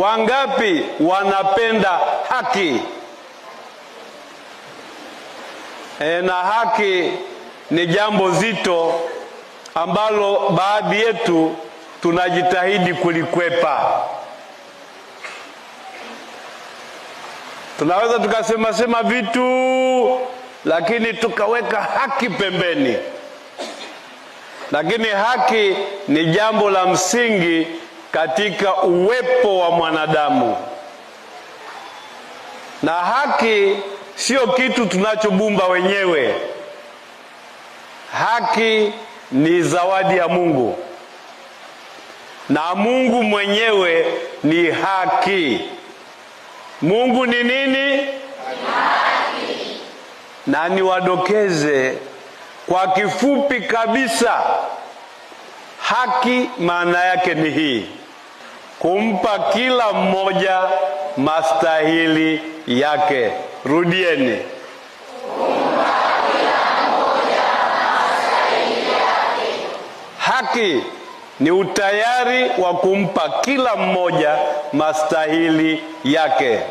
Wangapi wanapenda haki? E, na haki ni jambo zito ambalo baadhi yetu tunajitahidi kulikwepa. Tunaweza tukasema sema vitu lakini tukaweka haki pembeni. Lakini haki ni jambo la msingi katika uwepo wa mwanadamu, na haki sio kitu tunachobumba wenyewe. Haki ni zawadi ya Mungu na Mungu mwenyewe ni haki. Mungu ni nini? Haki. Na niwadokeze kwa kifupi kabisa, haki maana yake ni hii kumpa kila mmoja mastahili yake. Rudieni, Haki ni utayari wa kumpa kila mmoja mastahili yake.